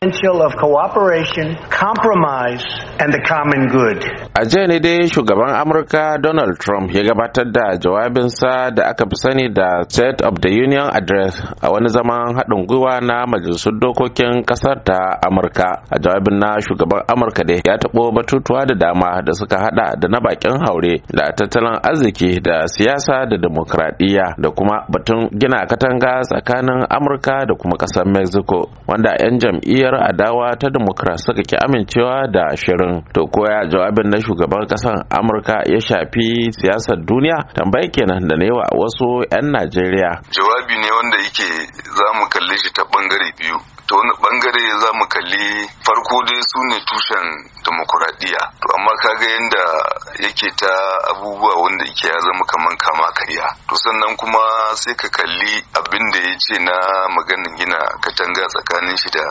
potential of cooperation, compromise, and the common good. A jiya ne dai shugaban Amurka Donald Trump ya gabatar da jawabinsa da aka fi sani da State of the Union Address a wani zaman haɗin gwiwa na majalisun dokokin ƙasar ta Amurka. A jawabin na shugaban Amurka dai ya taɓo batutuwa da dama da suka haɗa da na bakin haure da tattalin arziki da siyasa da demokradiyya da kuma batun gina katanga tsakanin Amurka da kuma ƙasar Mexico wanda 'yan jam'iyyar kungiyar adawa ta democrat suka ki amincewa da shirin to koya jawabin na shugaban kasar amurka ya shafi siyasar duniya tambayi kenan da newa wasu 'yan najeriya jawabi ne wanda yake za mu kalle shi ta bangare biyu ta wani bangare za mu kalli farko dai su ne tushen demokuraɗiyya to amma kaga yadda yake ta abubuwa wanda ke ya zama kaman kama karya to sannan kuma sai ka kalli abin da ya ce na maganin gina katanga tsakanin shi da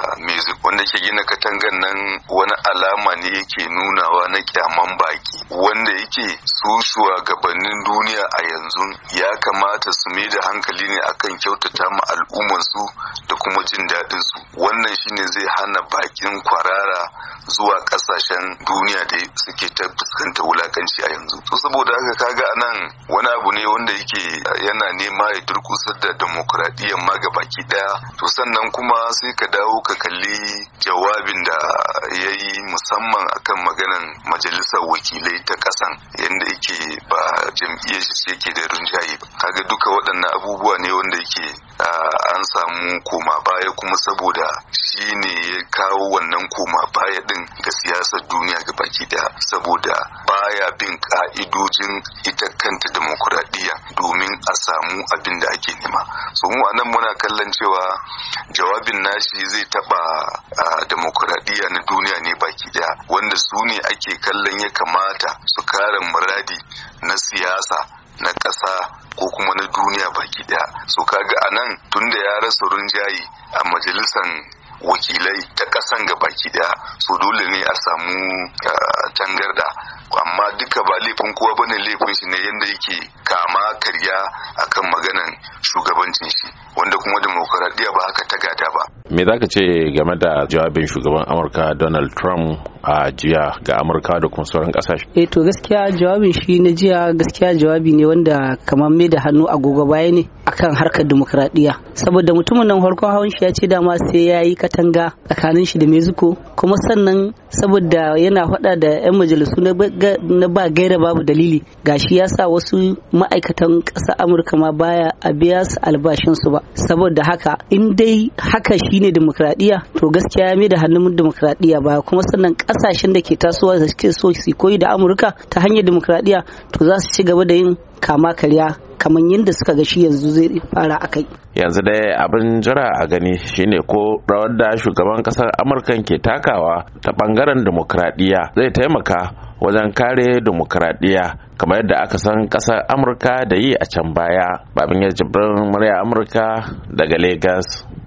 wanda ke gina katangan nan wani alama ne yake nunawa na kyaman baki wanda yake su gabanin duniya a yanzu ya kamata su mai da hankali ne akan kyautata ma al'umman su da kuma jin daɗin su wannan shine zai hana bakin kwarara zuwa ƙasashen duniya da suke ta fuskanta wulakanci a yanzu To saboda haka kaga nan wani abu ne wanda yake yana nema ya durkusar da demokuraɗiyyar ma ga baki ɗaya to sannan kuma sai ka dawo ka kalli jawabin da ya yi musamman akan maganan majalisar wakilai ta ƙasan yadda yake ba jam'iyyar shi ke da rinjaye ba kaga duka waɗannan abubuwa ne wanda yake ah, an samu koma baya kuma saboda shi ne ya kawo wannan koma baya din ga siyasar duniya ga baki daya saboda baya bin ka'idojin ita kanta demokuraɗiyya domin a samu abin da ake nema so mu anan muna kallon cewa jawabin nashi zai taɓa demokuraɗiyya na duniya ne baki daya wanda su ne ake kallon ya kamata su kare muradi na siyasa na ƙasa ko kuma na duniya baki daya su kaga anan tunda ya rasa rinjaye a majalisar wakilai ta kasan baki daya su dole ne a samu tangarda amma duka ba laifin kowa bane laifin shi ne yadda yake kama karya akan maganan shugabancin shi wanda kuma demokaradiyya ba haka ta gada ba me zaka ce game da jawabin shugaban amurka donald trump a jiya ga amurka da kuma sauran kasashe eh to gaskiya jawabin shi na jiya gaskiya jawabi ne wanda kamar mai da hannu agogo baya ne akan harkar dimokuraɗiyya saboda mutumin nan farkon hawan shi ya ce dama sai ya yi katanga tsakanin shi da mexico kuma sannan saboda yana faɗa da 'yan majalisu na ba gaira babu dalili gashi ya sa wasu ma'aikatan kasa amurka ma baya a biya su albashinsu ba saboda haka in dai haka shine demokradiyya to gaskiya ya da hannun demokradiyya ba kuma sannan kasashen da ke tasowa da suke so su koyi da amurka ta hanyar demokradiyya to za su ci gaba da yin kama karya kamar yadda suka ga shi yanzu zai fara a kai. yanzu dai abin jira a gani shine ko rawar da shugaban kasar amurka ke taka takawa ta bangaren demokradiyya zai taimaka wajen kare demokradiyya kamar yadda aka san kasar amurka da yi a can baya babin ya jibrin murya amurka daga Legas.